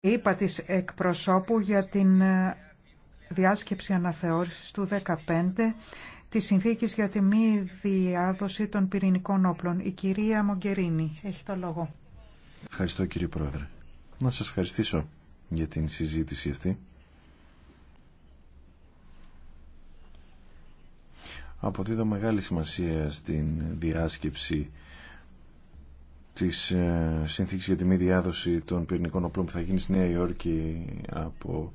είπα της εκπροσώπου για την ε, διάσκεψη αναθεώρησης του 15 της συνθήκης για τη μη διάδοση των πυρηνικών όπλων. Η κυρία Μογκερίνη έχει το λόγο. Ευχαριστώ κύριε Πρόεδρε. Να σας ευχαριστήσω για την συζήτηση αυτή. Αποδίδω μεγάλη σημασία στην διάσκεψη της ε, συνθήκης για τη μη διάδοση των πυρηνικών οπλών που θα γίνει στη Νέα Υόρκη από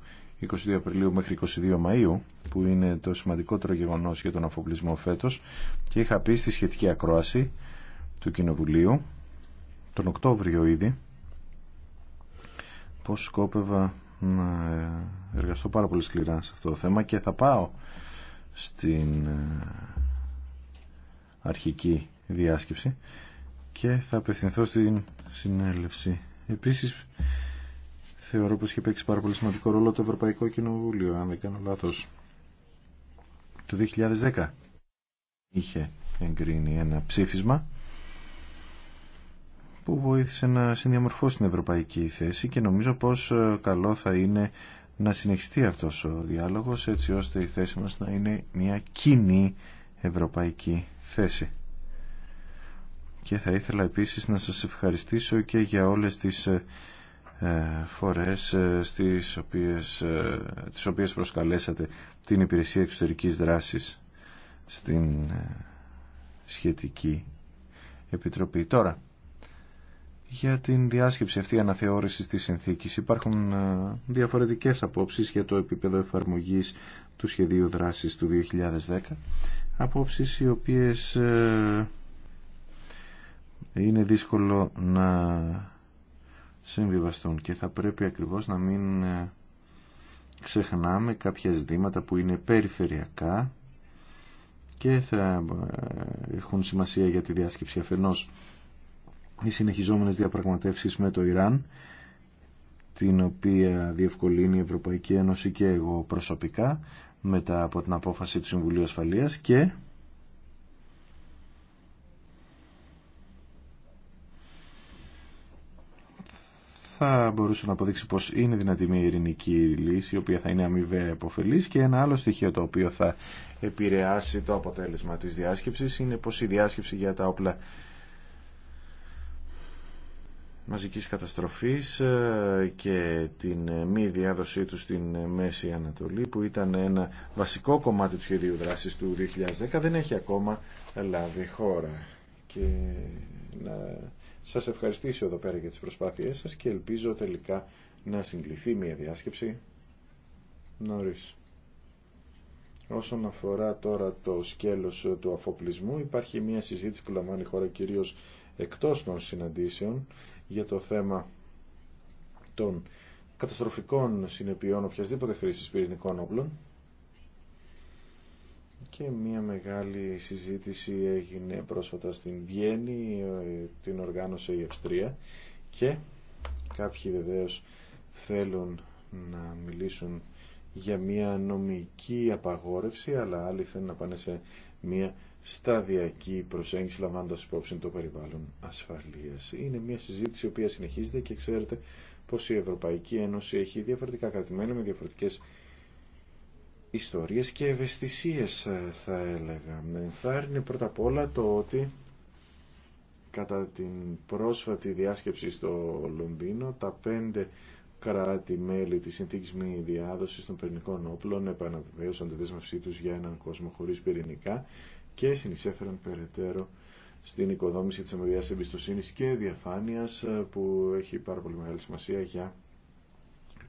22 Απριλίου μέχρι 22 Μαΐου που είναι το σημαντικότερο γεγονός για τον αφοπλισμό φέτος και είχα πει στη σχετική ακρόαση του Κοινοβουλίου τον Οκτώβριο ήδη πως σκόπευα να εργαστώ πάρα πολύ σκληρά σε αυτό το θέμα και θα πάω στην ε, αρχική διάσκεψη και θα απευθυνθώ στην συνέλευση. Επίσης, θεωρώ πως είχε παίξει πάρα πολύ σημαντικό ρόλο το Ευρωπαϊκό Κοινοβούλιο, αν δεν κάνω λάθος. Το 2010 είχε εγκρίνει ένα ψήφισμα που βοήθησε να συνδιαμορφώσει την ευρωπαϊκή θέση και νομίζω πως ε, καλό θα είναι να συνεχιστεί αυτός ο διάλογος έτσι ώστε η θέση μας να είναι μια κοινή ευρωπαϊκή θέση και θα ήθελα επίσης να σας ευχαριστήσω και για όλες τις ε, ε, φορές ε, στις οποίες, τις οποίες προσκαλέσατε την Υπηρεσία Εξωτερικής Δράσης στην σχετική επιτροπή. Τώρα, για την διάσκεψη αυτή αναθεώρησης της συνθήκης υπάρχουν διαφορετικές απόψεις για το επίπεδο εφαρμογής του σχεδίου δράσης του 2010 απόψεις οι οποίες είναι δύσκολο να συμβιβαστούν και θα πρέπει ακριβώς να μην ε, ξεχνάμε κάποια ζητήματα που είναι περιφερειακά και θα ε, έχουν σημασία για τη διάσκεψη αφενός οι συνεχιζόμενες διαπραγματεύσεις με το Ιράν την οποία διευκολύνει η Ευρωπαϊκή Ένωση και εγώ προσωπικά μετά από την απόφαση του Συμβουλίου Ασφαλείας και θα μπορούσε να αποδείξει πως είναι δυνατή μια ειρηνική λύση η οποία θα είναι αμοιβαία υποφελής και ένα άλλο στοιχείο το οποίο θα επηρεάσει το αποτέλεσμα της διάσκεψης είναι πως η διάσκεψη για τα όπλα μαζικής καταστροφής ε, και την μη διάδοσή του στην Μέση Ανατολή που ήταν ένα βασικό κομμάτι του σχεδίου δράσης του 2010 δεν έχει ακόμα λάβει χώρα και να σας ευχαριστήσω εδώ πέρα για τις προσπάθειές σας και ελπίζω τελικά να συγκληθεί μια διάσκεψη νωρίς. Όσον αφορά τώρα το σκέλος του αφοπλισμού, υπάρχει μια συζήτηση που λαμβάνει η χώρα κυρίως εκτός των συναντήσεων για το θέμα των καταστροφικών συνεπειών οποιασδήποτε χρήσης πυρηνικών όπλων και μια μεγάλη συζήτηση έγινε πρόσφατα στην Βιέννη, ε, την οργάνωσε η Αυστρία και κάποιοι βεβαίως θέλουν να μιλήσουν για μια νομική απαγόρευση αλλά άλλοι θέλουν να πάνε σε μια σταδιακή προσέγγιση λαμβάνοντας υπόψη το περιβάλλον ασφαλείας. Είναι μια συζήτηση η οποία συνεχίζεται και ξέρετε πως η Ευρωπαϊκή Ένωση έχει διαφορετικά κρατημένα με διαφορετικές ιστορίες και ευαισθησίες ε, θα έλεγα. Με ενθάρρυνε πρώτα απ' όλα το ότι κατά την πρόσφατη διάσκεψη στο Λονδίνο τα πέντε κράτη-μέλη της συνθήκης μη διάδοσης των πυρηνικών όπλων επαναβεβαίωσαν τη δέσμευσή τους για έναν κόσμο χωρίς πυρηνικά και συνεισέφεραν περαιτέρω στην οικοδόμηση της αμοιβιάς εμπιστοσύνης και διαφάνειας ε, που έχει πάρα πολύ μεγάλη σημασία για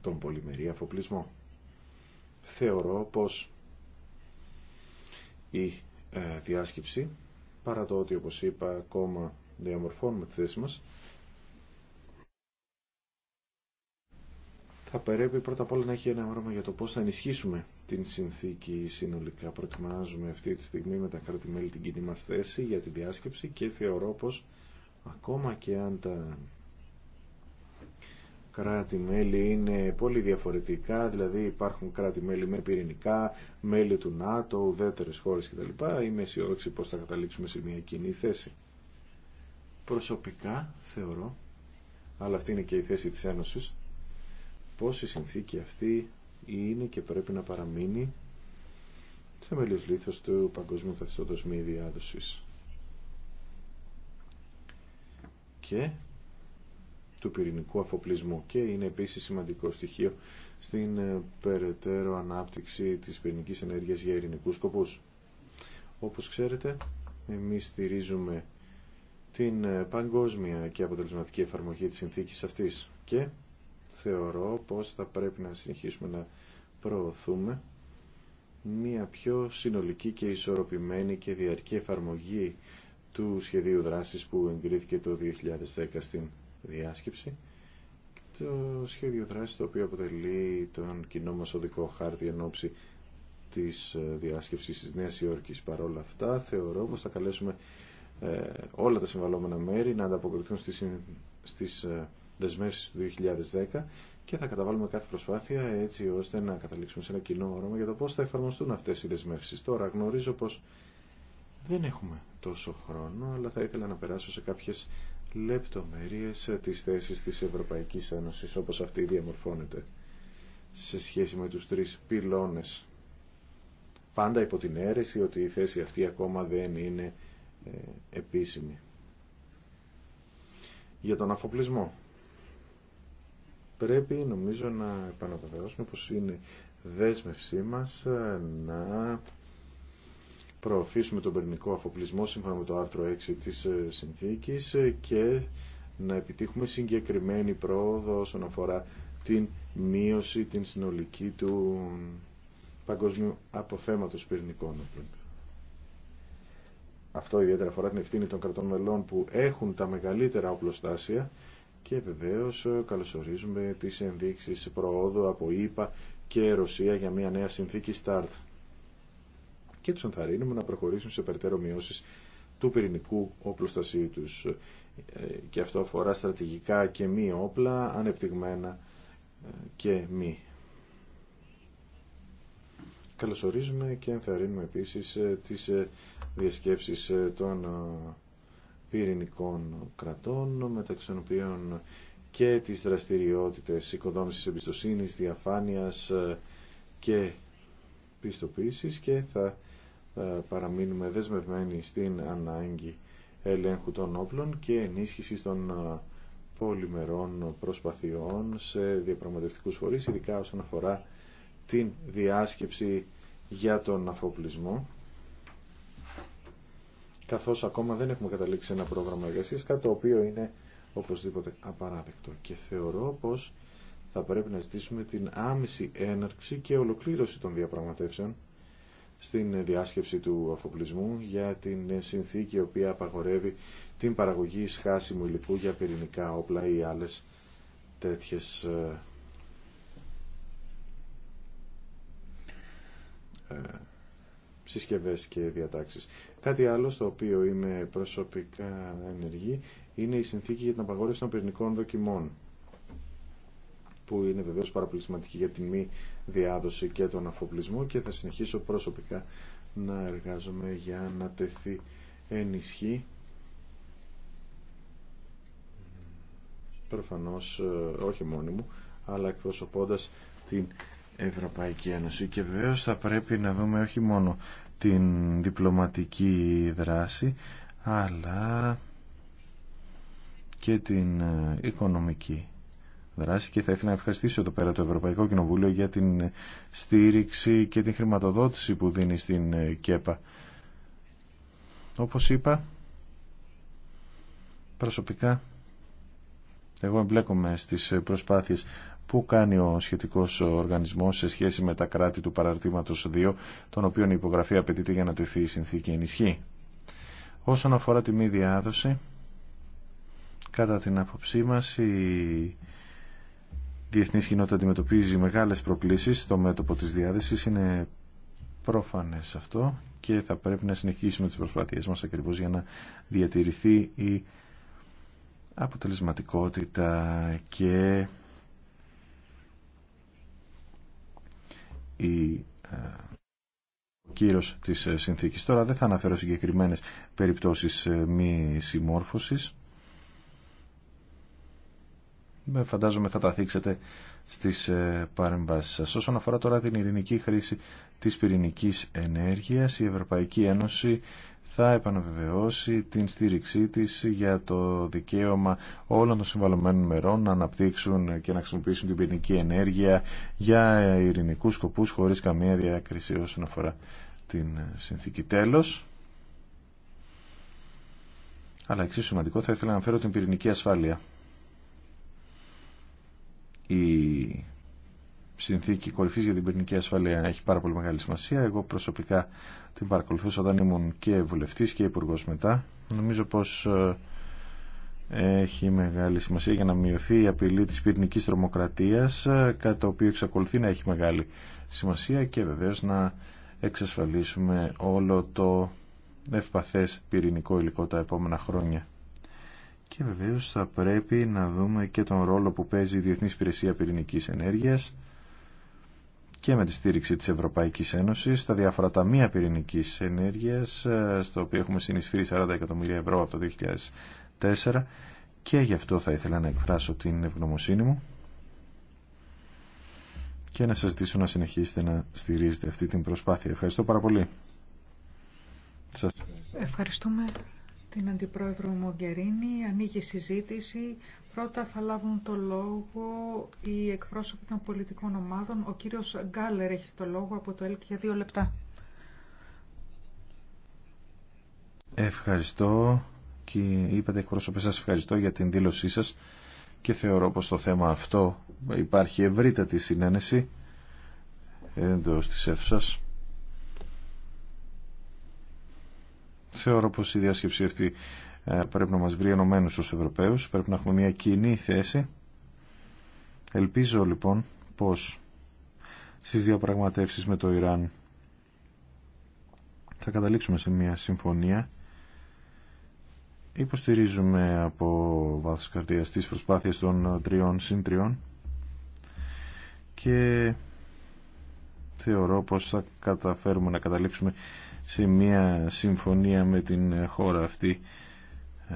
τον πολυμερή αφοπλισμό θεωρώ πως η ε, διάσκεψη, παρά το ότι όπως είπα ακόμα διαμορφώνουμε τη θέση μας, θα πρέπει πρώτα απ' όλα να έχει ένα όρομα για το πώς θα ενισχύσουμε την συνθήκη συνολικά. Προετοιμάζουμε αυτή τη στιγμή με τα κράτη-μέλη την κοινή μας θέση για τη διάσκεψη και θεωρώ πως ακόμα και αν τα κράτη-μέλη είναι πολύ διαφορετικά, δηλαδή υπάρχουν κράτη-μέλη με πυρηνικά, μέλη του ΝΑΤΟ, ουδέτερε χώρες κτλ. Είμαι αισιόδοξη πώ θα καταλήξουμε σε μια κοινή θέση. Προσωπικά θεωρώ, αλλά αυτή είναι και η θέση τη ένωση. πως η συνθήκη αυτή είναι και πρέπει να παραμείνει σε μέλος λήθος του Παγκοσμίου Καθιστώτος Μη Διάδοσης. Και του πυρηνικού αφοπλισμού και είναι επίσης σημαντικό στοιχείο στην ε, περαιτέρω ανάπτυξη της πυρηνικής ενέργειας για ειρηνικούς σκοπούς. Όπως ξέρετε, εμείς στηρίζουμε την ε, παγκόσμια και αποτελεσματική εφαρμογή της συνθήκης αυτής και θεωρώ πως θα πρέπει να συνεχίσουμε να προωθούμε μια πιο συνολική και ισορροπημένη και διαρκή εφαρμογή του σχεδίου δράσης που εγκρίθηκε το 2010 στην διάσκεψη το σχέδιο δράση το οποίο αποτελεί τον κοινό μας οδικό χάρτη εν ώψη της ε, διάσκεψης της Νέας Υόρκης. παρόλα αυτά θεωρώ πως θα καλέσουμε ε, όλα τα συμβαλόμενα μέρη να ανταποκριθούν στις, στις ε, δεσμεύσεις του 2010 και θα καταβάλουμε κάθε προσπάθεια έτσι ώστε να καταλήξουμε σε ένα κοινό όρομα για το πώς θα εφαρμοστούν αυτές οι δεσμεύσεις. Τώρα γνωρίζω πως δεν έχουμε τόσο χρόνο, αλλά θα ήθελα να περάσω σε κάποιες λεπτομέρειες της θέσης της Ευρωπαϊκής Ένωσης όπως αυτή διαμορφώνεται σε σχέση με τους τρεις πυλώνες. Πάντα υπό την αίρεση ότι η θέση αυτή ακόμα δεν είναι ε, επίσημη. Για τον αφοπλισμό. Πρέπει νομίζω να επαναβεβαιώσουμε πως είναι δέσμευσή μας να προωθήσουμε τον πυρηνικό αφοπλισμό σύμφωνα με το άρθρο 6 της ε, συνθήκης ε, και να επιτύχουμε συγκεκριμένη πρόοδο όσον αφορά την μείωση, την συνολική του παγκοσμίου αποθέματος πυρηνικών Αυτό ιδιαίτερα αφορά την ευθύνη των κρατών μελών που έχουν τα μεγαλύτερα οπλοστάσια και βεβαίως ε, καλωσορίζουμε τις ενδείξεις προόδου από ΙΠΑ και Ρωσία για μια νέα συνθήκη START και του ενθαρρύνουμε να προχωρήσουν σε περαιτέρω μειώσει του πυρηνικού οπλοστασίου του. Ε, και αυτό αφορά στρατηγικά και μη όπλα, ανεπτυγμένα ε, και μη. Καλωσορίζουμε και ενθαρρύνουμε επίσης ε, τις διασκέψεις των πυρηνικών κρατών, μεταξύ των οποίων και τις δραστηριότητες οικοδόμησης εμπιστοσύνης, διαφάνειας και πιστοποίησης και θα παραμείνουμε δεσμευμένοι στην ανάγκη ελέγχου των όπλων και ενίσχυση των πολυμερών προσπαθειών σε διαπραγματευτικούς φορείς, ειδικά όσον αφορά την διάσκεψη για τον αφοπλισμό καθώς ακόμα δεν έχουμε καταλήξει ένα πρόγραμμα εργασίας, κάτι το οποίο είναι οπωσδήποτε απαράδεκτο. Και θεωρώ πως θα πρέπει να ζητήσουμε την άμεση έναρξη και ολοκλήρωση των διαπραγματεύσεων στην διάσκεψη του αφοπλισμού για την συνθήκη η οποία απαγορεύει την παραγωγή σχάσιμου υλικού για πυρηνικά όπλα ή άλλες τέτοιες ε, συσκευές και διατάξεις. Κάτι άλλο στο οποίο είμαι προσωπικά ενεργή είναι η συνθήκη για την απαγόρευση των πυρηνικών δοκιμών που είναι βεβαίω πάρα για τη μη διάδοση και τον αφοπλισμό και θα συνεχίσω προσωπικά να εργάζομαι για να τεθεί ενισχύ προφανώς ε, όχι μόνο μου αλλά εκπροσωπώντας την Ευρωπαϊκή Ένωση και βεβαίω θα πρέπει να δούμε όχι μόνο την διπλωματική δράση αλλά και την ε, οικονομική δράση και θα ήθελα να ευχαριστήσω εδώ πέρα το Ευρωπαϊκό Κοινοβούλιο για την στήριξη και την χρηματοδότηση που δίνει στην ΚΕΠΑ. Όπως είπα, προσωπικά εγώ εμπλέκομαι στις προσπάθειες που κάνει ο σχετικός οργανισμός σε σχέση με τα κράτη του παραρτήματος 2, τον οποίων η υπογραφή απαιτείται για να τεθεί η συνθήκη ενισχύ. Όσον αφορά τη μη διάδοση, κατά την άποψή μας η διεθνής κοινότητα αντιμετωπίζει μεγάλες προκλήσεις στο μέτωπο της διάδεσης. Είναι πρόφανες αυτό και θα πρέπει να συνεχίσουμε τις προσπάθειές μας ακριβώς για να διατηρηθεί η αποτελεσματικότητα και ε, ο κύρος της συνθήκης. Τώρα δεν θα αναφέρω συγκεκριμένες περιπτώσεις ε, μη συμμόρφωσης φαντάζομαι θα τα θίξετε στις ε, παρεμβάσεις σας. Όσον αφορά τώρα την ειρηνική χρήση της πυρηνικής ενέργειας, η Ευρωπαϊκή Ένωση θα επαναβεβαιώσει την στήριξή της για το δικαίωμα όλων των συμβαλωμένων μερών να αναπτύξουν και να χρησιμοποιήσουν την πυρηνική ενέργεια για ε, ειρηνικούς σκοπούς χωρίς καμία διάκριση όσον αφορά την ε, συνθήκη. Τέλος, αλλά εξίσου σημαντικό θα ήθελα να αναφέρω την πυρηνική ασφάλεια η συνθήκη κορυφής για την πυρηνική ασφαλεία έχει πάρα πολύ μεγάλη σημασία. Εγώ προσωπικά την παρακολουθούσα όταν ήμουν και βουλευτής και υπουργό μετά. Νομίζω πως ε, έχει μεγάλη σημασία για να μειωθεί η απειλή της πυρηνικής τρομοκρατίας, ε, κάτι το οποίο εξακολουθεί να έχει μεγάλη σημασία και βεβαίως να εξασφαλίσουμε όλο το ευπαθές πυρηνικό υλικό τα επόμενα χρόνια και βεβαίως θα πρέπει να δούμε και τον ρόλο που παίζει η Διεθνής Υπηρεσία Πυρηνικής Ενέργειας και με τη στήριξη της Ευρωπαϊκής Ένωσης στα διάφορα ταμεία πυρηνικής ενέργειας ε, στο οποίο έχουμε συνεισφύρει 40 εκατομμύρια ευρώ από το 2004 και γι' αυτό θα ήθελα να εκφράσω την ευγνωμοσύνη μου και να σας ζητήσω να συνεχίσετε να στηρίζετε αυτή την προσπάθεια. Ευχαριστώ πάρα πολύ. Σας... Ευχαριστούμε την Αντιπρόεδρο Μογκερίνη. Ανοίγει συζήτηση. Πρώτα θα λάβουν το λόγο οι εκπρόσωποι των πολιτικών ομάδων. Ο κύριος Γκάλερ έχει το λόγο από το ΕΛΚ για δύο λεπτά. Ευχαριστώ και είπατε εκπρόσωπε σας ευχαριστώ για την δήλωσή σας και θεωρώ πως το θέμα αυτό υπάρχει ευρύτατη συνένεση εντός της ΕΦΣΑΣ Θεωρώ πως η διάσκεψη αυτή ε, πρέπει να μας βρει ενωμένους ως Ευρωπαίους, πρέπει να έχουμε μια κοινή θέση. Ελπίζω λοιπόν πως στις διαπραγματεύσεις με το Ιράν θα καταλήξουμε σε μια συμφωνία. Υποστηρίζουμε από βάθος καρδίας τις προσπάθειες των τριών συντριών και θεωρώ πως θα καταφέρουμε να καταλήξουμε σε μια συμφωνία με την χώρα αυτή ε,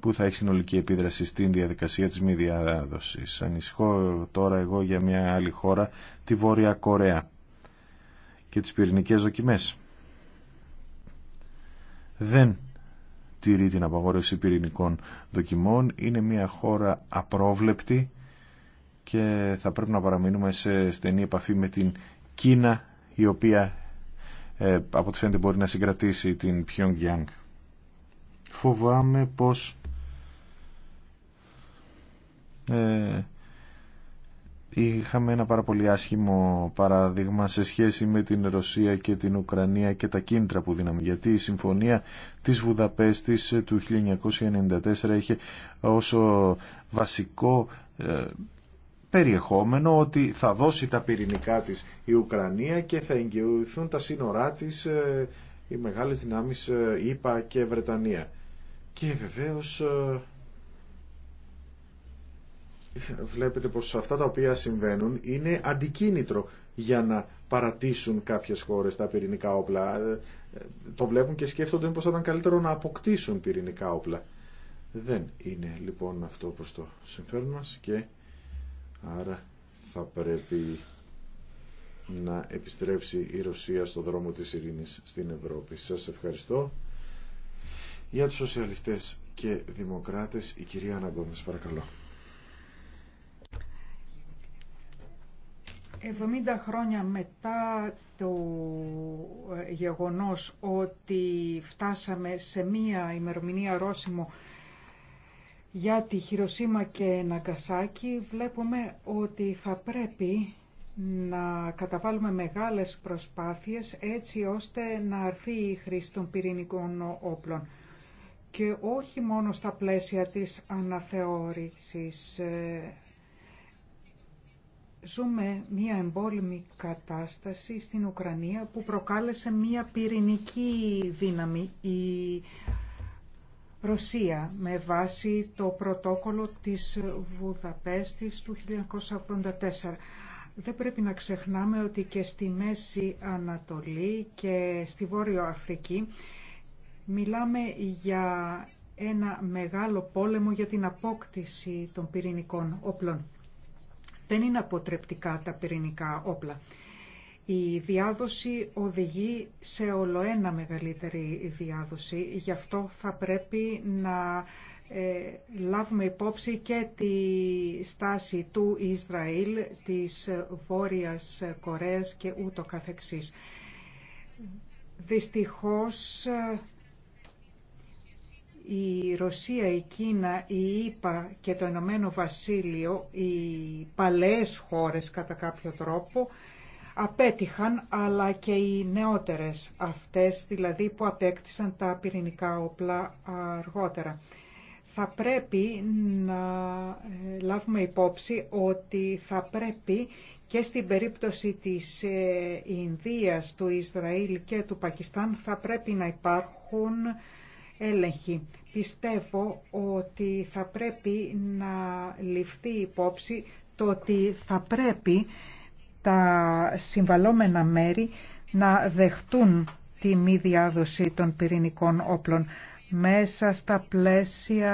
που θα έχει συνολική επίδραση στην διαδικασία της μη διάδοσης. Ανησυχώ τώρα εγώ για μια άλλη χώρα, τη Βόρεια Κορέα και τις πυρηνικές δοκιμές. Δεν τηρεί την απαγόρευση πυρηνικών δοκιμών, είναι μια χώρα απρόβλεπτη και θα πρέπει να παραμείνουμε σε στενή επαφή με την Κίνα η οποία ε, από ό,τι φαίνεται μπορεί να συγκρατήσει την Pyongyang. Φοβάμαι πως ε, είχαμε ένα πάρα πολύ άσχημο παράδειγμα σε σχέση με την Ρωσία και την Ουκρανία και τα κίνητρα που δίναμε γιατί η συμφωνία της Βουδαπέστης του 1994 είχε όσο βασικό ε, περιεχόμενο ότι θα δώσει τα πυρηνικά της η Ουκρανία και θα εγγυηθούν τα σύνορά της ε, οι μεγάλες δυνάμεις ΙΠΑ ε, και Βρετανία. Και βεβαίως ε, βλέπετε πως αυτά τα οποία συμβαίνουν είναι αντικίνητρο για να παρατήσουν κάποιες χώρες τα πυρηνικά όπλα. Το βλέπουν και σκέφτονται πως θα ήταν καλύτερο να αποκτήσουν πυρηνικά όπλα. Δεν είναι λοιπόν αυτό προς το συμφέρον μας και Άρα θα πρέπει να επιστρέψει η Ρωσία στο δρόμο της ειρήνης στην Ευρώπη. Σας ευχαριστώ. Για τους σοσιαλιστές και δημοκράτες, η κυρία Αναγκόμες, παρακαλώ. 70 χρόνια μετά το ε, γεγονός ότι φτάσαμε σε μία ημερομηνία ρώσιμο για τη Χειροσύμα και Ναγκασάκη βλέπουμε ότι θα πρέπει να καταβάλουμε μεγάλες προσπάθειες έτσι ώστε να αρθεί η χρήση των πυρηνικών όπλων και όχι μόνο στα πλαίσια της αναθεώρησης. Ε, ζούμε μία εμπόλεμη κατάσταση στην Ουκρανία που προκάλεσε μία πυρηνική δύναμη. Ρωσία με βάση το πρωτόκολλο της Βουδαπέστης του 1984. Δεν πρέπει να ξεχνάμε ότι και στη Μέση Ανατολή και στη Βόρειο Αφρική μιλάμε για ένα μεγάλο πόλεμο για την απόκτηση των πυρηνικών όπλων. Δεν είναι αποτρεπτικά τα πυρηνικά όπλα. Η διάδοση οδηγεί σε ολοένα μεγαλύτερη διάδοση, γι' αυτό θα πρέπει να ε, λάβουμε υπόψη και τη στάση του Ισραήλ, της Βόρειας Κορέας και ούτω καθεξής. Δυστυχώς η Ρωσία, η Κίνα, η ΙΠΑ και το Ηνωμένο Βασίλειο, οι παλαιές χώρες κατά κάποιο τρόπο, απέτυχαν αλλά και οι νεότερες αυτές δηλαδή που απέκτησαν τα πυρηνικά όπλα αργότερα. Θα πρέπει να ε, λάβουμε υπόψη ότι θα πρέπει και στην περίπτωση της ε, Ινδίας, του Ισραήλ και του Πακιστάν θα πρέπει να υπάρχουν έλεγχοι. Πιστεύω ότι θα πρέπει να ληφθεί υπόψη το ότι θα πρέπει τα συμβαλόμενα μέρη να δεχτούν τη μη διάδοση των πυρηνικών όπλων μέσα στα πλαίσια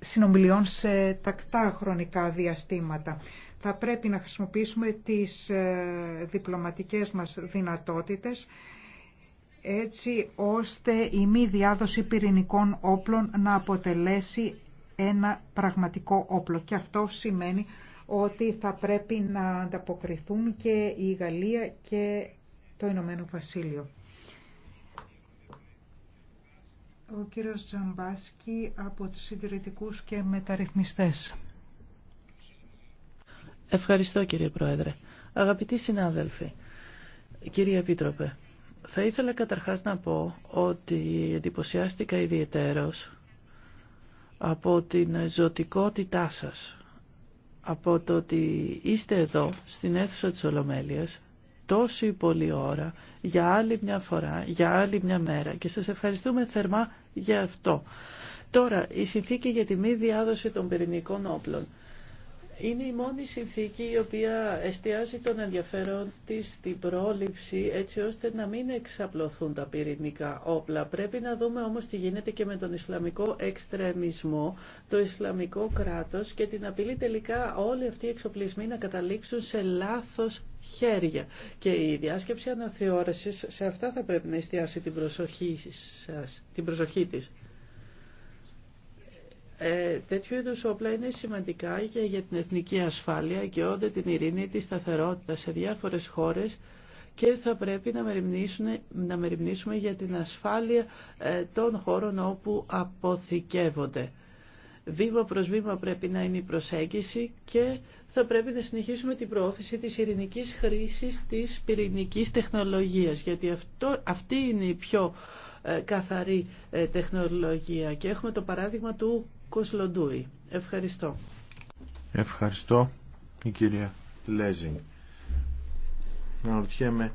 συνομιλιών σε τακτά χρονικά διαστήματα. Θα πρέπει να χρησιμοποιήσουμε τις ε, διπλωματικές μας δυνατότητες έτσι ώστε η μη διάδοση πυρηνικών όπλων να αποτελέσει ένα πραγματικό όπλο. Και αυτό σημαίνει ότι θα πρέπει να ανταποκριθούν και η Γαλλία και το Ηνωμένο Βασίλειο. Ο κύριος Τζαμπάσκι από τους συντηρητικούς και μεταρρυθμιστές. Ευχαριστώ κύριε Πρόεδρε. Αγαπητοί συνάδελφοι, κύριε Επίτροπε, θα ήθελα καταρχάς να πω ότι εντυπωσιάστηκα ιδιαιτέρως από την ζωτικότητά σας από το ότι είστε εδώ στην αίθουσα της Ολομέλειας τόση πολλή ώρα για άλλη μια φορά, για άλλη μια μέρα και σας ευχαριστούμε θερμά για αυτό. Τώρα, η συνθήκη για τη μη διάδοση των πυρηνικών όπλων είναι η μόνη συνθήκη η οποία εστιάζει τον ενδιαφέρον της στην πρόληψη έτσι ώστε να μην εξαπλωθούν τα πυρηνικά όπλα. Πρέπει να δούμε όμως τι γίνεται και με τον Ισλαμικό εξτρεμισμό, το Ισλαμικό κράτος και την απειλή τελικά όλοι αυτοί οι εξοπλισμοί να καταλήξουν σε λάθος χέρια. Και η διάσκεψη αναθεώρησης σε αυτά θα πρέπει να εστιάσει την προσοχή, σας, την προσοχή της ε, τέτοιου είδους όπλα είναι σημαντικά για την εθνική ασφάλεια και την ειρήνη, τη σταθερότητα σε διάφορες χώρες και θα πρέπει να μεριμνήσουμε, να μεριμνήσουμε για την ασφάλεια ε, των χώρων όπου αποθηκεύονται. Βήμα προς βήμα πρέπει να είναι η προσέγγιση και θα πρέπει να συνεχίσουμε την προώθηση της ειρηνικής χρήσης της πυρηνικής τεχνολογίας, γιατί αυτή είναι η πιο ε, καθαρή ε, τεχνολογία. Και έχουμε το παράδειγμα του Κοσλοντούι. Ευχαριστώ. Ευχαριστώ η κυρία Λέζινγκ. Να ρωτιέμαι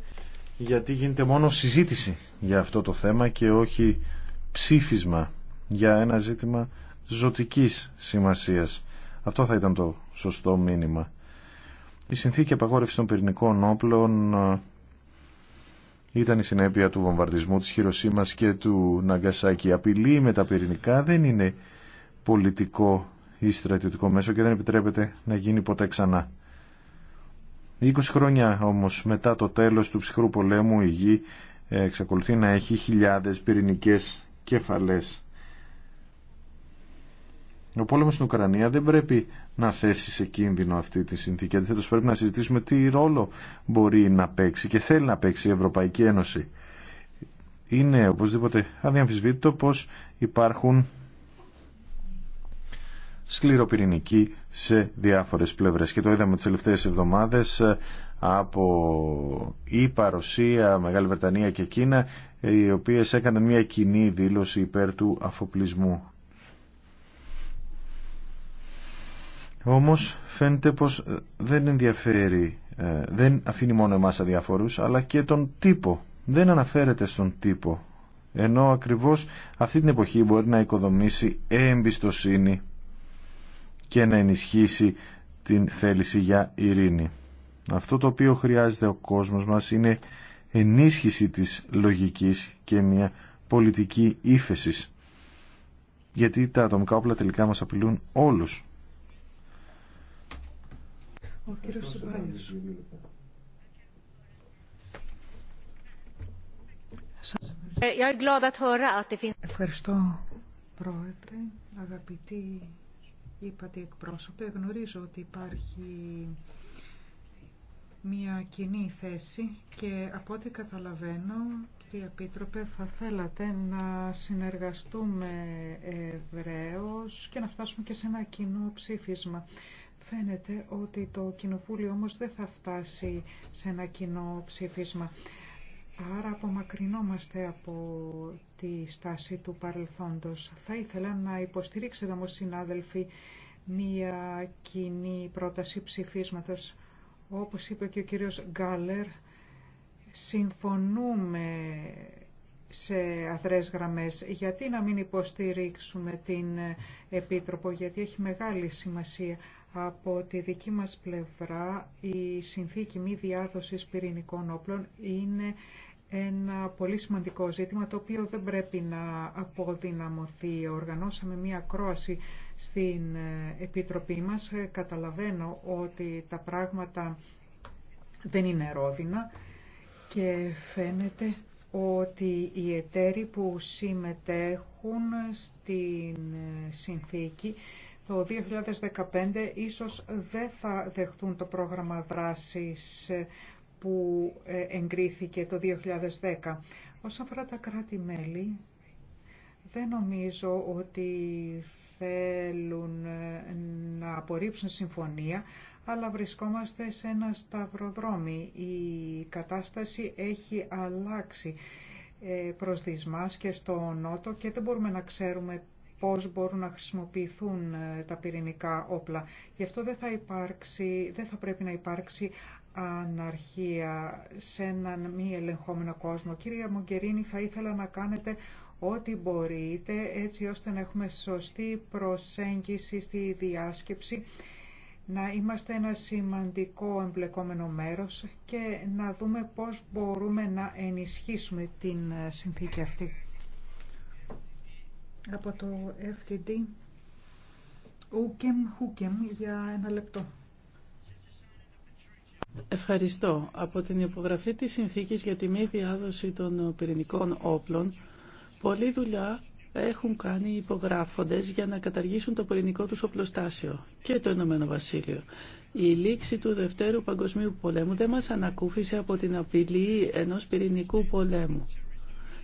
γιατί γίνεται μόνο συζήτηση για αυτό το θέμα και όχι ψήφισμα για ένα ζήτημα ζωτικής σημασίας. Αυτό θα ήταν το σωστό μήνυμα. Η συνθήκη απαγόρευση των πυρηνικών όπλων ε, ήταν η συνέπεια του βομβαρδισμού της Χειροσύμας και του Ναγκασάκη. απειλή με τα πυρηνικά δεν είναι πολιτικό ή στρατιωτικό μέσο και δεν επιτρέπεται να γίνει ποτέ ξανά. 20 χρόνια όμως μετά το τέλος του ψυχρού πολέμου η γη ε, εξακολουθεί να έχει χιλιάδες πυρηνικές κεφαλές. Ο πόλεμος στην Ουκρανία δεν πρέπει να θέσει σε κίνδυνο αυτή τη συνθήκη. Αντιθέτως πρέπει να συζητήσουμε τι ρόλο μπορεί να παίξει και θέλει να παίξει η Ευρωπαϊκή Ένωση. Είναι οπωσδήποτε αδιαμφισβήτητο πως υπάρχουν σκληροπυρηνική σε διάφορες πλευρές. Και το είδαμε τις τελευταίες εβδομάδες ε, από η Παρουσία, Μεγάλη Βρετανία και Κίνα, οι οποίες έκαναν μια κοινή δήλωση υπέρ του αφοπλισμού. Όμως φαίνεται πως ε, δεν ενδιαφέρει, ε, δεν αφήνει μόνο εμάς αδιαφορούς, αλλά και τον τύπο. Δεν αναφέρεται στον τύπο. Ενώ ακριβώς αυτή την εποχή μπορεί να οικοδομήσει εμπιστοσύνη και να ενισχύσει την θέληση για ειρήνη. Αυτό το οποίο χρειάζεται ο κόσμος μας είναι ενίσχυση της λογικής και μια πολιτική ύφεση. Γιατί τα ατομικά όπλα τελικά μας απειλούν όλους. Ευχαριστώ, Πρόεδρε, αγαπητοί είπατε εκπρόσωπε, γνωρίζω ότι υπάρχει μια κοινή θέση και από ό,τι καταλαβαίνω, κυρία Πίτροπε, θα θέλατε να συνεργαστούμε ευρέως και να φτάσουμε και σε ένα κοινό ψήφισμα. Φαίνεται ότι το Κοινοβούλιο όμως δεν θα φτάσει σε ένα κοινό ψήφισμα. Άρα απομακρυνόμαστε από τη στάση του παρελθόντος. Θα ήθελα να υποστηρίξετε όμως συνάδελφοι μία κοινή πρόταση ψηφίσματος. Όπως είπε και ο κύριος Γκάλερ, συμφωνούμε σε αδρές γραμμές. Γιατί να μην υποστηρίξουμε την Επίτροπο, γιατί έχει μεγάλη σημασία. Από τη δική μας πλευρά η συνθήκη μη διάδοσης πυρηνικών όπλων είναι ένα πολύ σημαντικό ζήτημα το οποίο δεν πρέπει να αποδυναμωθεί. Οργανώσαμε μία κρόαση στην ε, Επιτροπή μας. Ε, καταλαβαίνω ότι τα πράγματα δεν είναι ρόδινα και φαίνεται ότι οι εταίροι που συμμετέχουν στην ε, συνθήκη το 2015 ίσως δεν θα δεχτούν το πρόγραμμα δράσης που ε, εγκρίθηκε το 2010. Όσον αφορά τα κράτη-μέλη, δεν νομίζω ότι θέλουν ε, να απορρίψουν συμφωνία, αλλά βρισκόμαστε σε ένα σταυροδρόμι. Η κατάσταση έχει αλλάξει ε, προς δυσμάς και στο νότο και δεν μπορούμε να ξέρουμε πώς μπορούν να χρησιμοποιηθούν τα πυρηνικά όπλα. Γι' αυτό δεν θα, υπάρξει, δεν θα πρέπει να υπάρξει αναρχία σε έναν μη ελεγχόμενο κόσμο. Κύριε Μογκερίνη, θα ήθελα να κάνετε ό,τι μπορείτε έτσι ώστε να έχουμε σωστή προσέγγιση στη διάσκεψη, να είμαστε ένα σημαντικό εμπλεκόμενο μέρος και να δούμε πώς μπορούμε να ενισχύσουμε την συνθήκη αυτή. Από το FTD, ούκεμ, ούκεμ, για ένα λεπτό. Ευχαριστώ. Από την υπογραφή της συνθήκης για τη μη διάδοση των πυρηνικών όπλων, πολλή δουλειά έχουν κάνει υπογράφοντες για να καταργήσουν το πυρηνικό τους οπλοστάσιο και το Ηνωμένο Βασίλειο. Η λήξη του Δευτέρου Παγκοσμίου Πολέμου δεν μας ανακούφισε από την απειλή ενός πυρηνικού πολέμου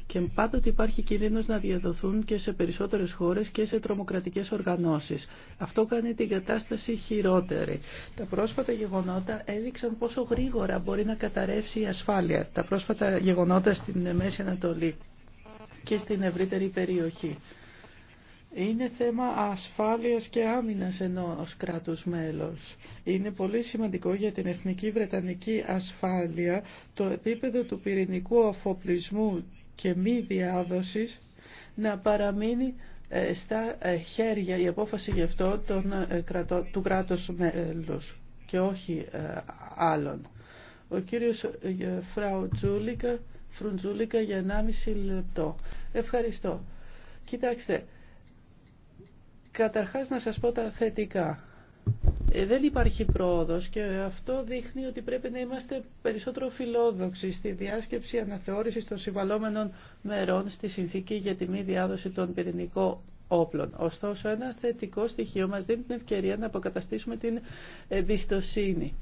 και πάντοτε υπάρχει κίνδυνος να διαδοθούν και σε περισσότερες χώρες και σε τρομοκρατικές οργανώσεις. Αυτό κάνει την κατάσταση χειρότερη. Τα πρόσφατα γεγονότα έδειξαν πόσο γρήγορα μπορεί να καταρρεύσει η ασφάλεια. Τα πρόσφατα γεγονότα στην Μέση Ανατολή και στην ευρύτερη περιοχή. Είναι θέμα ασφάλειας και άμυνας ενός κράτους μέλος. Είναι πολύ σημαντικό για την εθνική βρετανική ασφάλεια το επίπεδο του πυρηνικού αφοπλισμού και μη διάδοσης να παραμείνει ε, στα ε, χέρια η απόφαση γι' αυτό ε, του κράτους μέλους και όχι άλλων. Ο κύριος Φρουντζούλικα για 1,5 λεπτό. Ευχαριστώ. Κοιτάξτε, καταρχάς να σας πω τα θετικά δεν υπάρχει πρόοδος και αυτό δείχνει ότι πρέπει να είμαστε περισσότερο φιλόδοξοι στη διάσκεψη αναθεώρησης των συμβαλόμενων μερών στη συνθήκη για τη μη διάδοση των πυρηνικών όπλων. Ωστόσο, ένα θετικό στοιχείο μας δίνει την ευκαιρία να αποκαταστήσουμε την εμπιστοσύνη.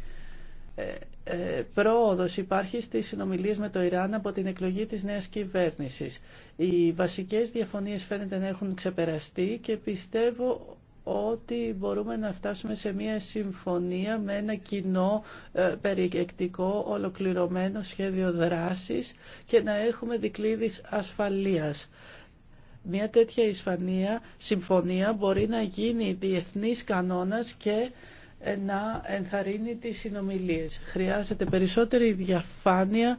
Ε, ε πρόοδος υπάρχει στις συνομιλίες με το Ιράν από την εκλογή της νέας κυβέρνησης. Οι βασικές διαφωνίες φαίνεται να έχουν ξεπεραστεί και πιστεύω ότι μπορούμε να φτάσουμε σε μια συμφωνία με ένα κοινό ε, περιεκτικό ολοκληρωμένο σχέδιο δράσης και να έχουμε δικλείδης ασφαλείας. Μια τέτοια Ισφανία, συμφωνία μπορεί να γίνει διεθνής κανόνας και ε, να ενθαρρύνει τις συνομιλίες. Χρειάζεται περισσότερη διαφάνεια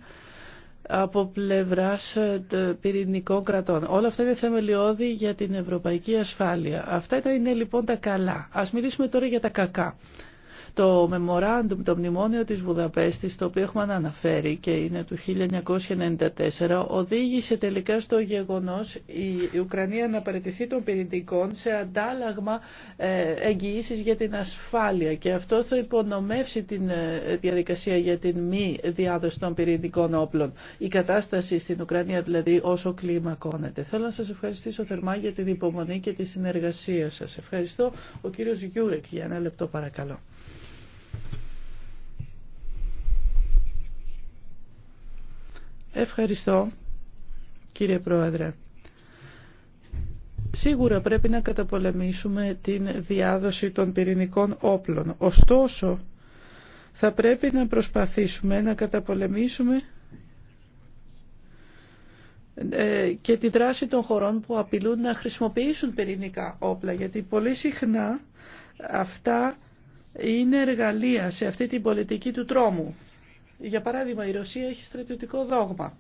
από πλευράς ε, πυρηνικών κρατών. Όλα αυτά είναι θεμελιώδη για την ευρωπαϊκή ασφάλεια. Αυτά είναι λοιπόν τα καλά. Ας μιλήσουμε τώρα για τα κακά το Memorandum, το Μνημόνιο της Βουδαπέστης, το οποίο έχουμε αναφέρει και είναι του 1994, οδήγησε τελικά στο γεγονός η Ουκρανία να παραιτηθεί των πυρηνικών σε αντάλλαγμα ε, εγγυήσεις για την ασφάλεια και αυτό θα υπονομεύσει την ε, διαδικασία για την μη διάδοση των πυρηνικών όπλων. Η κατάσταση στην Ουκρανία δηλαδή όσο κλιμακώνεται. Θέλω να σας ευχαριστήσω θερμά για την υπομονή και τη συνεργασία σας. Ευχαριστώ ο κύριος Γιούρεκ για ένα λεπτό παρακαλώ. Ευχαριστώ, κύριε Πρόεδρε. Σίγουρα πρέπει να καταπολεμήσουμε την διάδοση των πυρηνικών όπλων. Ωστόσο, θα πρέπει να προσπαθήσουμε να καταπολεμήσουμε ε, και τη δράση των χωρών που απειλούν να χρησιμοποιήσουν πυρηνικά όπλα, γιατί πολύ συχνά αυτά είναι εργαλεία σε αυτή την πολιτική του τρόμου για παράδειγμα, η Ρωσία έχει στρατιωτικό δόγμα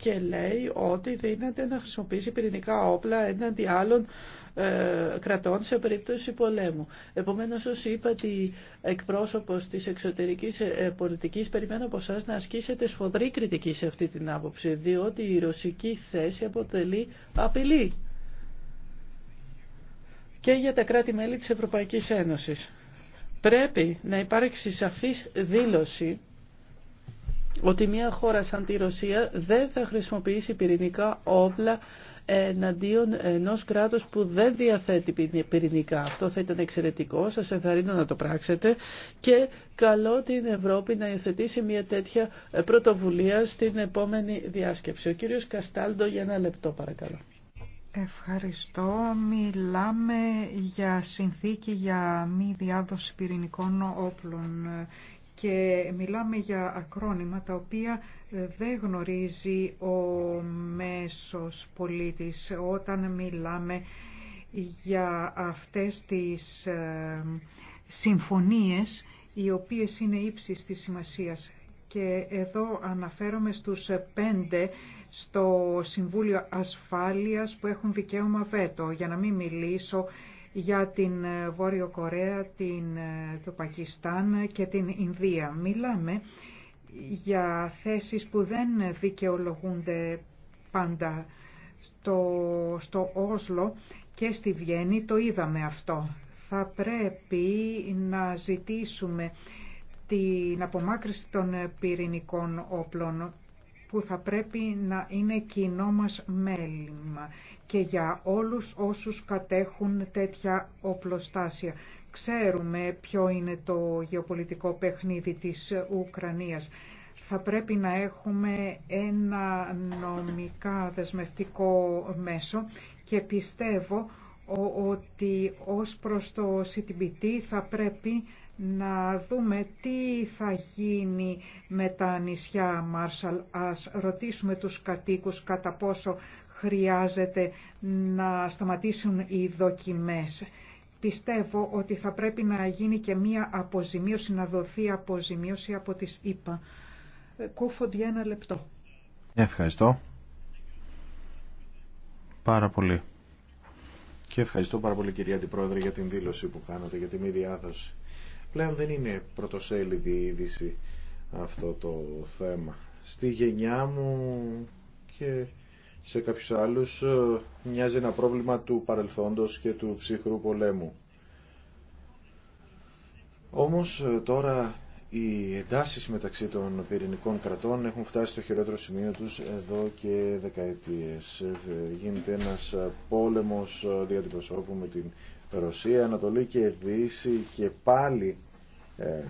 και λέει ότι δίνεται να χρησιμοποιήσει πυρηνικά όπλα έναντι άλλων ε, κρατών σε περίπτωση πολέμου. Επομένως, είπα ότι εκπρόσωπος της εξωτερικής ε, πολιτικής, περιμένω από εσά να ασκήσετε σφοδρή κριτική σε αυτή την άποψη, διότι η ρωσική θέση αποτελεί απειλή και για τα κράτη-μέλη της Ευρωπαϊκής Ένωσης. Πρέπει να υπάρξει σαφής δήλωση ότι μια χώρα σαν τη Ρωσία δεν θα χρησιμοποιήσει πυρηνικά όπλα εναντίον ενό κράτου που δεν διαθέτει πυρηνικά. Αυτό θα ήταν εξαιρετικό. Σα ενθαρρύνω να το πράξετε και καλό την Ευρώπη να υιοθετήσει μια τέτοια πρωτοβουλία στην επόμενη διάσκεψη. Ο κύριος Καστάλντο για ένα λεπτό παρακαλώ. Ευχαριστώ. Μιλάμε για συνθήκη για μη διάδοση πυρηνικών όπλων και μιλάμε για ακρόνημα τα οποία ε, δεν γνωρίζει ο μέσος πολίτης όταν μιλάμε για αυτές τις ε, συμφωνίες οι οποίες είναι ύψης της σημασίας. Και εδώ αναφέρομαι στους πέντε στο Συμβούλιο Ασφάλειας που έχουν δικαίωμα βέτο, για να μην μιλήσω για την ε, Βόρειο Κορέα, την, ε, το Πακιστάν και την Ινδία. Μιλάμε για θέσεις που δεν δικαιολογούνται πάντα στο, στο Όσλο και στη Βιέννη το είδαμε αυτό. Θα πρέπει να ζητήσουμε την απομάκρυση των πυρηνικών όπλων που θα πρέπει να είναι κοινό μας μέλημα και για όλους όσους κατέχουν τέτοια οπλοστάσια. Ξέρουμε ποιο είναι το γεωπολιτικό παιχνίδι της Ουκρανίας. Θα πρέπει να έχουμε ένα νομικά δεσμευτικό μέσο και πιστεύω ότι ως προς το CTBT θα πρέπει να δούμε τι θα γίνει με τα νησιά Μάρσαλ. Ας ρωτήσουμε τους κατοίκους κατά πόσο χρειάζεται να σταματήσουν οι δοκιμές. Πιστεύω ότι θα πρέπει να γίνει και μία αποζημίωση, να δοθεί αποζημίωση από τις ΗΠΑ. Κούφοντ για ένα λεπτό. Ευχαριστώ. Πάρα πολύ. Και ευχαριστώ πάρα πολύ κυρία Αντιπρόεδρε για την δήλωση που κάνατε για τη μη διάδοση Πλέον δεν είναι πρωτοσέλιδη η είδηση αυτό το θέμα. Στη γενιά μου και σε κάποιους άλλους ε, μοιάζει ένα πρόβλημα του παρελθόντος και του ψυχρού πολέμου. Όμως ε, τώρα οι εντάσεις μεταξύ των πυρηνικών κρατών έχουν φτάσει στο χειρότερο σημείο τους εδώ και δεκαετίες. Ε, γίνεται ένας πόλεμος διατυπωσόπου με την Ρωσία, Ανατολή και Δύση και πάλι ε,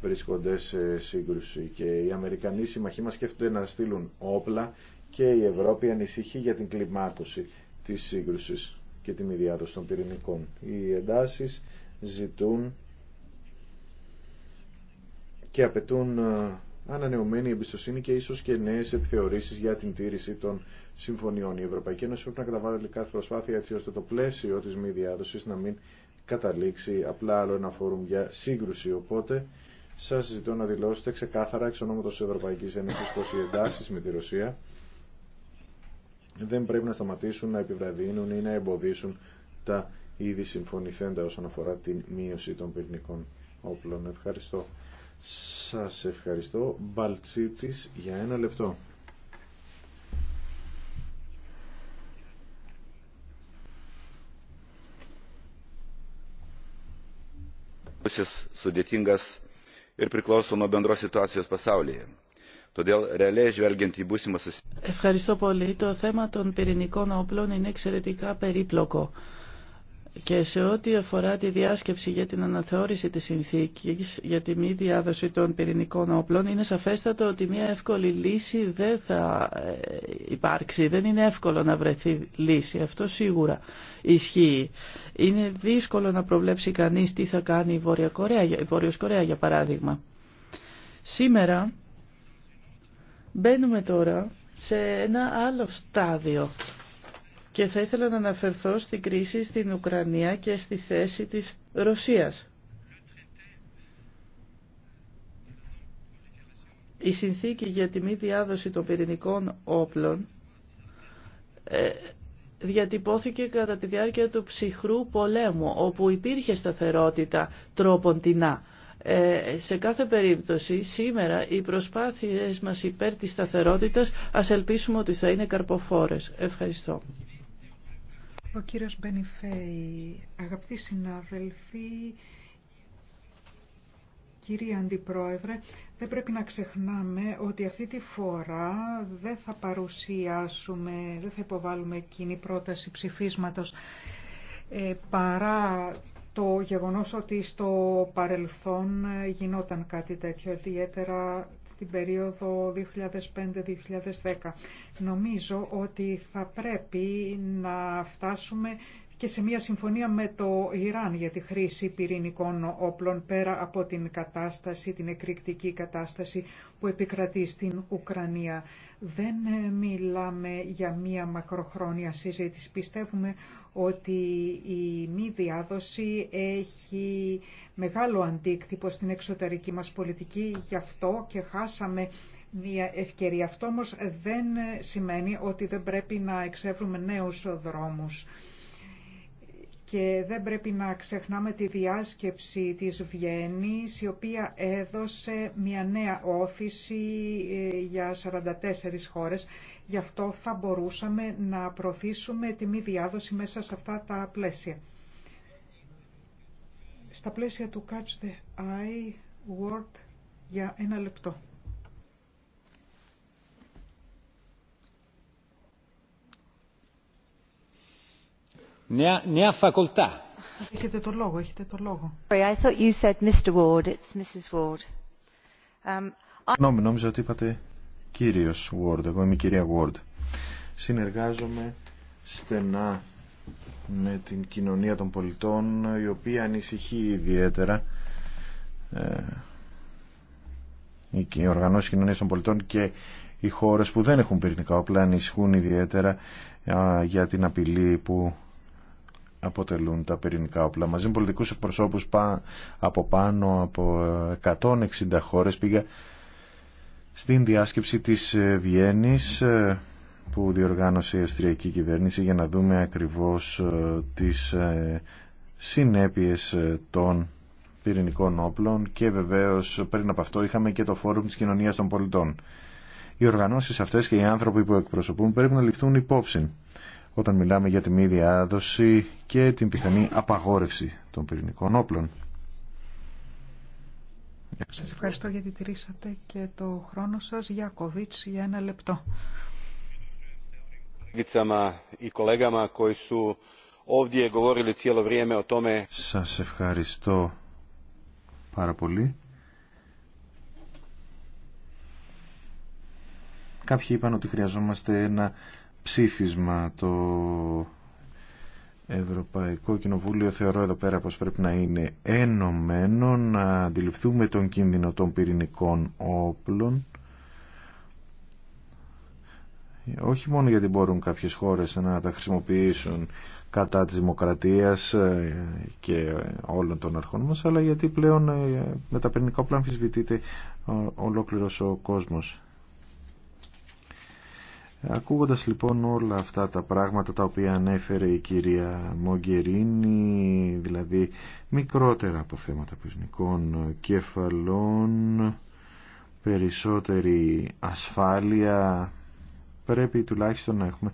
βρίσκονται σε σύγκρουση και οι Αμερικανοί συμμαχοί μας σκέφτονται να στείλουν όπλα και η Ευρώπη ανησυχεί για την κλιμάκωση της σύγκρουσης και τη μη διάδοση των πυρηνικών. Οι εντάσεις ζητούν και απαιτούν ε, ανανεωμένη εμπιστοσύνη και ίσω και νέε επιθεωρήσεις για την τήρηση των συμφωνιών. Η Ευρωπαϊκή Ένωση πρέπει να καταβάλει κάθε προσπάθεια έτσι ώστε το πλαίσιο τη μη διάδοση να μην καταλήξει απλά άλλο ένα φόρουμ για σύγκρουση. Οπότε σα ζητώ να δηλώσετε ξεκάθαρα εξ ονόματος της Ευρωπαϊκής Ένωση πω οι εντάσει με τη Ρωσία δεν πρέπει να σταματήσουν να επιβραδύνουν ή να εμποδίσουν τα ήδη συμφωνηθέντα όσον αφορά την μείωση των πυρηνικών όπλων. Ευχαριστώ. Σας ευχαριστώ. Μπαλτσίτης για ένα λεπτό. sudėtingas Ευχαριστώ πολύ. Το θέμα των πυρηνικών όπλων είναι εξαιρετικά περίπλοκο. Και σε ό,τι αφορά τη διάσκεψη για την αναθεώρηση της συνθήκης για τη μη διάδοση των πυρηνικών όπλων, είναι σαφέστατο ότι μια εύκολη λύση δεν θα ε, υπάρξει. Δεν είναι εύκολο να βρεθεί λύση. Αυτό σίγουρα ισχύει. Είναι δύσκολο να προβλέψει κανείς τι θα κάνει η, Βόρεια Κορέα, Βόρειος Κορέα, για παράδειγμα. Σήμερα μπαίνουμε τώρα σε ένα άλλο στάδιο και θα ήθελα να αναφερθώ στην κρίση στην Ουκρανία και στη θέση της Ρωσίας. Η συνθήκη για τη μη διάδοση των πυρηνικών όπλων ε, διατυπώθηκε κατά τη διάρκεια του ψυχρού πολέμου, όπου υπήρχε σταθερότητα τρόπον τεινά. Ε, σε κάθε περίπτωση, σήμερα οι προσπάθειες μας υπέρ της σταθερότητας ας ελπίσουμε ότι θα είναι καρποφόρες. Ευχαριστώ. Ο κύριος Μπενιφέη, αγαπητοί συνάδελφοι, κύριε Αντιπρόεδρε, δεν πρέπει να ξεχνάμε ότι αυτή τη φορά δεν θα παρουσιάσουμε, δεν θα υποβάλουμε κοινή πρόταση ψηφίσματος ε, παρά το γεγονός ότι στο παρελθόν γινόταν κάτι τέτοιο, ιδιαίτερα την περίοδο 2005-2010. Νομίζω ότι θα πρέπει να φτάσουμε και σε μια συμφωνία με το Ιράν για τη χρήση πυρηνικών όπλων πέρα από την κατάσταση, την εκρηκτική κατάσταση που επικρατεί στην Ουκρανία. Δεν ε, μιλάμε για μια μακροχρόνια συζήτηση. Πιστεύουμε ότι η μη διάδοση έχει μεγάλο αντίκτυπο στην εξωτερική μας πολιτική, γι' αυτό και χάσαμε μια ευκαιρία. Αυτό όμως δεν ε, σημαίνει ότι δεν πρέπει να εξεύρουμε νέους δρόμους και δεν πρέπει να ξεχνάμε τη διάσκεψη της Βιέννης, η οποία έδωσε μια νέα όθηση ε, για 44 χώρες. Γι' αυτό θα μπορούσαμε να προωθήσουμε τη μη διάδοση μέσα σε αυτά τα πλαίσια. Στα πλαίσια του Catch the Eye World για ένα λεπτό. Νέα φακολτά. Έχετε το λόγο, έχετε το λόγο. I νόμιζα ότι είπατε κύριος Ward, εγώ είμαι η κυρία Ward. Συνεργάζομαι στενά με την κοινωνία των πολιτών, η οποία ανησυχεί ιδιαίτερα ε, οι οργανώσεις κοινωνίας των πολιτών και οι χώρες που δεν έχουν πυρηνικά όπλα ανησυχούν ιδιαίτερα για την απειλή που αποτελούν τα πυρηνικά όπλα. Μαζί με πολιτικούς εκπροσώπου από πάνω από 160 χώρε πήγα στην διάσκεψη της ε, Βιέννης ε, που διοργάνωσε η Αυστριακή Κυβέρνηση για να δούμε ακριβώς ε, τις συνέπειες των πυρηνικών όπλων και βεβαίως πριν από αυτό είχαμε και το Φόρουμ της Κοινωνίας των Πολιτών. Οι οργανώσεις αυτές και οι άνθρωποι που εκπροσωπούν πρέπει να ληφθούν υπόψη όταν μιλάμε για τη μη διάδοση και την πιθανή απαγόρευση των πυρηνικών όπλων. Σας ευχαριστώ γιατί τηρήσατε και το χρόνο σας. Γιακοβίτς, για ένα λεπτό. Σας ευχαριστώ πάρα πολύ. Κάποιοι είπαν ότι χρειαζόμαστε ένα ψήφισμα το Ευρωπαϊκό Κοινοβούλιο θεωρώ εδώ πέρα πως πρέπει να είναι ενωμένο να αντιληφθούμε τον κίνδυνο των πυρηνικών όπλων όχι μόνο γιατί μπορούν κάποιες χώρες να τα χρησιμοποιήσουν κατά της δημοκρατίας ε, και όλων των αρχών μας αλλά γιατί πλέον ε, με τα πυρηνικά όπλα αμφισβητείται ολόκληρος ο κόσμος Ακούγοντας λοιπόν όλα αυτά τα πράγματα τα οποία ανέφερε η κυρία Μογκερίνη, δηλαδή μικρότερα από θέματα πυρηνικών κεφαλών, περισσότερη ασφάλεια, πρέπει τουλάχιστον να έχουμε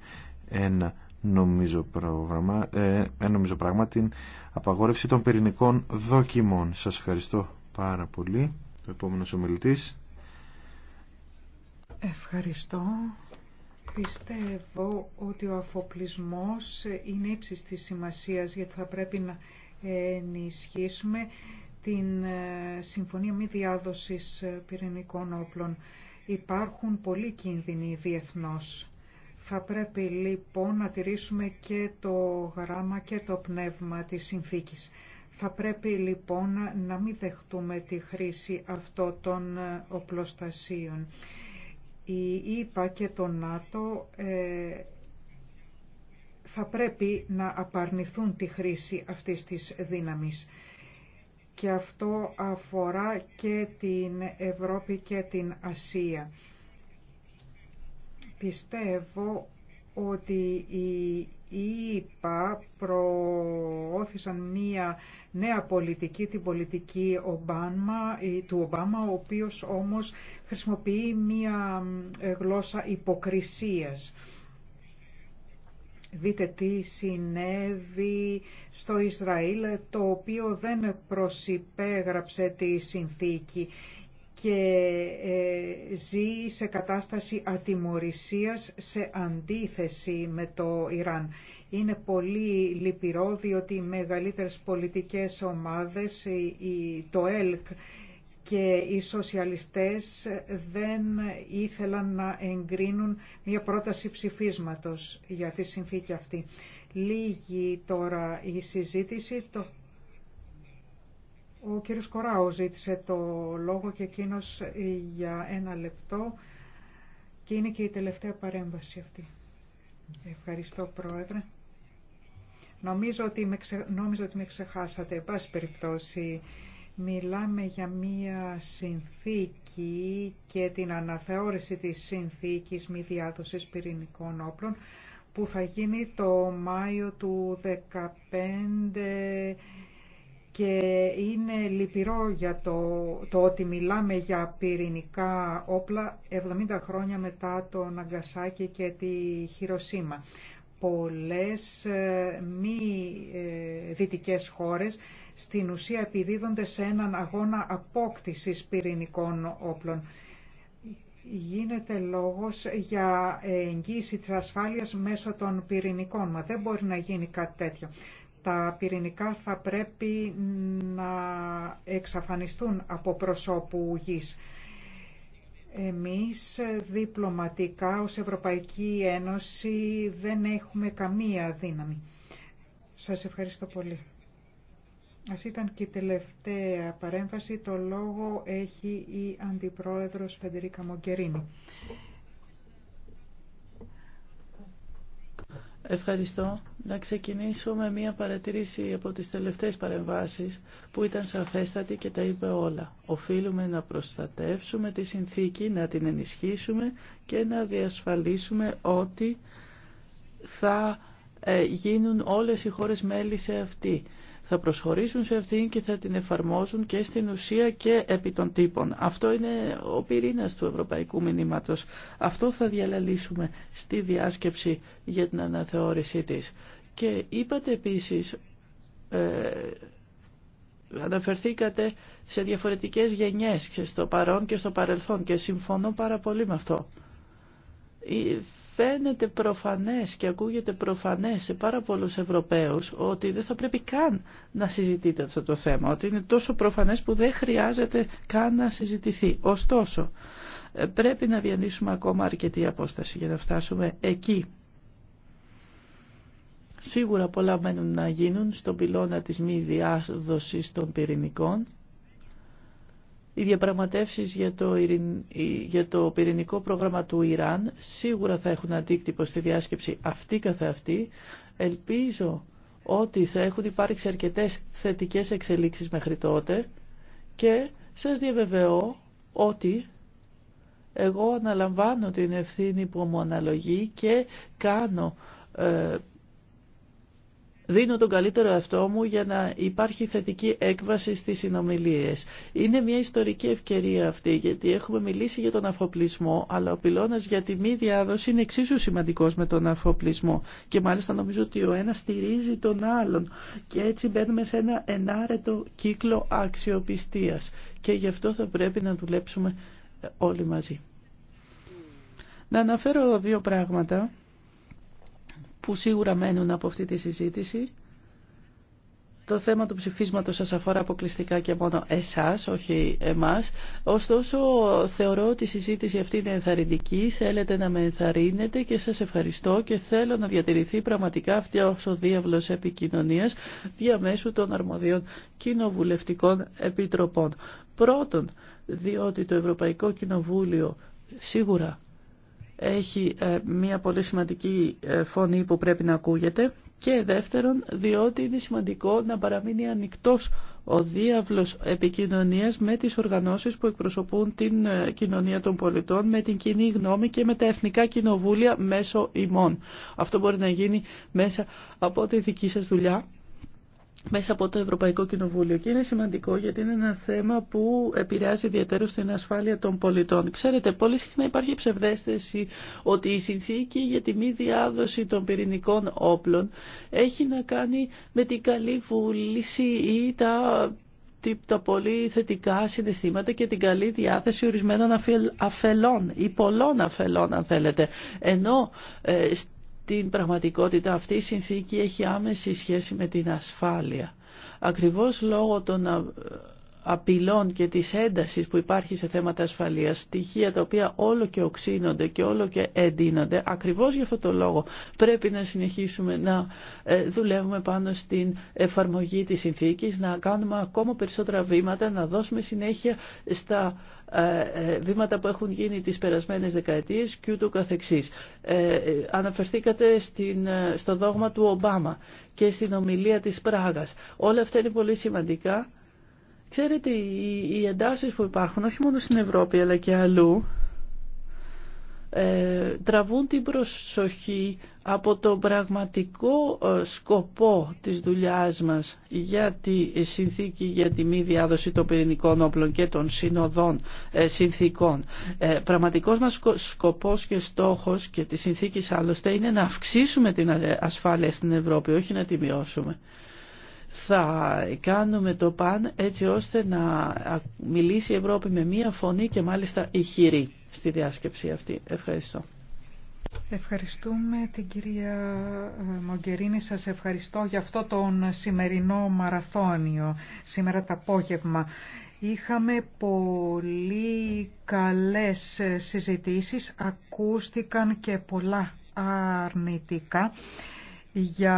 ένα νομίζω, πρόγραμμα, ε, νομίζω πράγμα την απαγόρευση των πυρηνικών δοκιμών. Σας ευχαριστώ πάρα πολύ. Το επόμενος ομιλητής. Ευχαριστώ. Πιστεύω ότι ο αφοπλισμός είναι ύψης της σημασίας γιατί θα πρέπει να ενισχύσουμε την ε, Συμφωνία Μη Διάδοσης ε, Πυρηνικών Όπλων. Υπάρχουν πολλοί κίνδυνοι διεθνώς. Θα πρέπει λοιπόν να τηρήσουμε και το γράμμα και το πνεύμα της συνθήκης. Θα πρέπει λοιπόν να μην δεχτούμε τη χρήση αυτών των ε, οπλοστασίων η ΕΠΑ και το ΝΑΤΟ ε, θα πρέπει να απαρνηθούν τη χρήση αυτής της δύναμης. Και αυτό αφορά και την Ευρώπη και την Ασία. Πιστεύω ότι η είπα προώθησαν μία νέα πολιτική, την πολιτική Ομπάμα, ε, του Ομπάμα, ο οποίος όμως χρησιμοποιεί μία ε, γλώσσα υποκρισίας. Δείτε τι συνέβη στο Ισραήλ, το οποίο δεν προσυπέγραψε τη συνθήκη και ε, ζει σε κατάσταση ατιμορρησίας σε αντίθεση με το Ιράν. Είναι πολύ λυπηρό διότι οι μεγαλύτερες πολιτικές ομάδες, το ΕΛΚ και οι σοσιαλιστές δεν ήθελαν να εγκρίνουν μια πρόταση ψηφίσματος για τη συνθήκη αυτή. Λίγη τώρα η συζήτηση, το ο κύριος Κοράου ζήτησε το λόγο και εκείνο ε, για ένα λεπτό και είναι και η τελευταία παρέμβαση αυτή. Ευχαριστώ Πρόεδρε. Νομίζω ότι με, ότι με ξεχάσατε. Εν πάση περιπτώσει, μιλάμε για μία συνθήκη και την αναθεώρηση της συνθήκης μη διάδοσης πυρηνικών όπλων που θα γίνει το Μάιο του 2015 και είναι λυπηρό για το, ότι μιλάμε για πυρηνικά όπλα 70 χρόνια μετά το Ναγκασάκι και τη Χειροσύμα. Πολλές ε, μη ε, δυτικές χώρες στην ουσία επιδίδονται σε έναν αγώνα απόκτησης πυρηνικών όπλων. Γίνεται λόγος για εγγύηση της ασφάλειας μέσω των πυρηνικών, μα δεν μπορεί να γίνει κάτι τέτοιο τα πυρηνικά θα πρέπει να εξαφανιστούν από προσώπου γης. Εμείς διπλωματικά ως Ευρωπαϊκή Ένωση δεν έχουμε καμία δύναμη. Σας ευχαριστώ πολύ. Αυτή ήταν και η τελευταία παρέμβαση. Το λόγο έχει η Αντιπρόεδρος Φεντερίκα Μογκερίνη. Ευχαριστώ. Να ξεκινήσω με μία παρατηρήση από τις τελευταίες παρεμβάσεις που ήταν σαφέστατη και τα είπε όλα. Οφείλουμε να προστατεύσουμε τη συνθήκη, να την ενισχύσουμε και να διασφαλίσουμε ότι θα ε, γίνουν όλες οι χώρες μέλη σε αυτή θα προσχωρήσουν σε αυτήν και θα την εφαρμόζουν και στην ουσία και επί των τύπων. Αυτό είναι ο πυρήνας του ευρωπαϊκού μηνύματος. Αυτό θα διαλαλήσουμε στη διάσκεψη για την αναθεώρησή της. Και είπατε επίσης, ε, αναφερθήκατε σε διαφορετικές γενιές και στο παρόν και στο παρελθόν και συμφωνώ πάρα πολύ με αυτό φαίνεται προφανές και ακούγεται προφανές σε πάρα πολλούς Ευρωπαίους ότι δεν θα πρέπει καν να συζητείτε αυτό το θέμα, ότι είναι τόσο προφανές που δεν χρειάζεται καν να συζητηθεί. Ωστόσο, ε, πρέπει να διανύσουμε ακόμα αρκετή απόσταση για να φτάσουμε εκεί. Σίγουρα πολλά μένουν να γίνουν στον πυλώνα της μη διάδοσης των πυρηνικών οι διαπραγματεύσεις για το, για το πυρηνικό πρόγραμμα του Ιράν σίγουρα θα έχουν αντίκτυπο στη διάσκεψη αυτή καθεαυτή. Ελπίζω ότι θα έχουν υπάρξει αρκετές θετικές εξελίξεις μέχρι τότε και σας διαβεβαιώ ότι εγώ αναλαμβάνω την ευθύνη που μου αναλογεί και κάνω ε, Δίνω τον καλύτερο εαυτό μου για να υπάρχει θετική έκβαση στις συνομιλίες. Είναι μια ιστορική ευκαιρία αυτή, γιατί έχουμε μιλήσει για τον αφοπλισμό, αλλά ο πυλώνας για τη μη διάδοση είναι εξίσου σημαντικός με τον αφοπλισμό. Και μάλιστα νομίζω ότι ο ένας στηρίζει τον άλλον. Και έτσι μπαίνουμε σε ένα ενάρετο κύκλο αξιοπιστίας. Και γι' αυτό θα πρέπει να δουλέψουμε όλοι μαζί. Να αναφέρω δύο πράγματα που σίγουρα μένουν από αυτή τη συζήτηση. Το θέμα του ψηφίσματος σας αφορά αποκλειστικά και μόνο εσάς, όχι εμάς. Ωστόσο, θεωρώ ότι η συζήτηση αυτή είναι ενθαρρυντική, θέλετε να με ενθαρρύνετε και σας ευχαριστώ και θέλω να διατηρηθεί πραγματικά αυτή ο διάβλος επικοινωνίας διαμέσου των αρμοδίων κοινοβουλευτικών επιτροπών. Πρώτον, διότι το Ευρωπαϊκό Κοινοβούλιο σίγουρα έχει ε, μία πολύ σημαντική ε, φωνή που πρέπει να ακούγεται και δεύτερον διότι είναι σημαντικό να παραμείνει ανοιχτός ο διάβλος επικοινωνίας με τις οργανώσεις που εκπροσωπούν την ε, κοινωνία των πολιτών, με την κοινή γνώμη και με τα εθνικά κοινοβούλια μέσω ημών. Αυτό μπορεί να γίνει μέσα από τη δική σας δουλειά μέσα από το Ευρωπαϊκό Κοινοβούλιο και είναι σημαντικό γιατί είναι ένα θέμα που επηρεάζει ιδιαίτερως την ασφάλεια των πολιτών. Ξέρετε, πολύ συχνά υπάρχει ψευδέστηση ότι η συνθήκη για τη μη διάδοση των πυρηνικών όπλων έχει να κάνει με την καλή βούληση ή τα τα πολύ θετικά συναισθήματα και την καλή διάθεση ορισμένων αφελών ή πολλών αφελών αν θέλετε. Ενώ ε, την πραγματικότητα αυτή η συνθήκη έχει άμεση σχέση με την ασφάλεια. Ακριβώς λόγω των ε, απειλών και της έντασης που υπάρχει σε θέματα ασφαλείας, στοιχεία τα οποία όλο και οξύνονται και όλο και εντείνονται, ακριβώς για αυτό το λόγο πρέπει να συνεχίσουμε να ε, δουλεύουμε πάνω στην εφαρμογή της συνθήκης, να κάνουμε ακόμα περισσότερα βήματα, να δώσουμε συνέχεια στα ε, ε, βήματα που έχουν γίνει τις περασμένες δεκαετίες και ούτω καθεξής. αναφερθήκατε στην, στο δόγμα του Ομπάμα και στην ομιλία της Πράγας. Όλα αυτά είναι πολύ σημαντικά Ξέρετε, οι εντάσεις που υπάρχουν, όχι μόνο στην Ευρώπη αλλά και αλλού, ε, τραβούν την προσοχή από τον πραγματικό ε, σκοπό της δουλειάς μας για τη συνθήκη για τη μη διάδοση των πυρηνικών όπλων και των συνοδών ε, συνθήκων. Πραγματικός μας σκοπός και στόχος και τη συνθήκη άλλωστε είναι να αυξήσουμε την ασφάλεια στην Ευρώπη, όχι να τη μειώσουμε θα κάνουμε το παν έτσι ώστε να μιλήσει η Ευρώπη με μία φωνή και μάλιστα χειρή στη διάσκεψη αυτή. Ευχαριστώ. Ευχαριστούμε την κυρία ε, Μογκερίνη. Σας ευχαριστώ για αυτό τον σημερινό μαραθώνιο, σήμερα το απόγευμα. Είχαμε πολύ καλές συζητήσεις, ακούστηκαν και πολλά αρνητικά για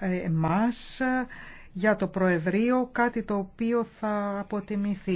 ε, εμάς, για το Προεδρείο, κάτι το οποίο θα αποτιμηθεί.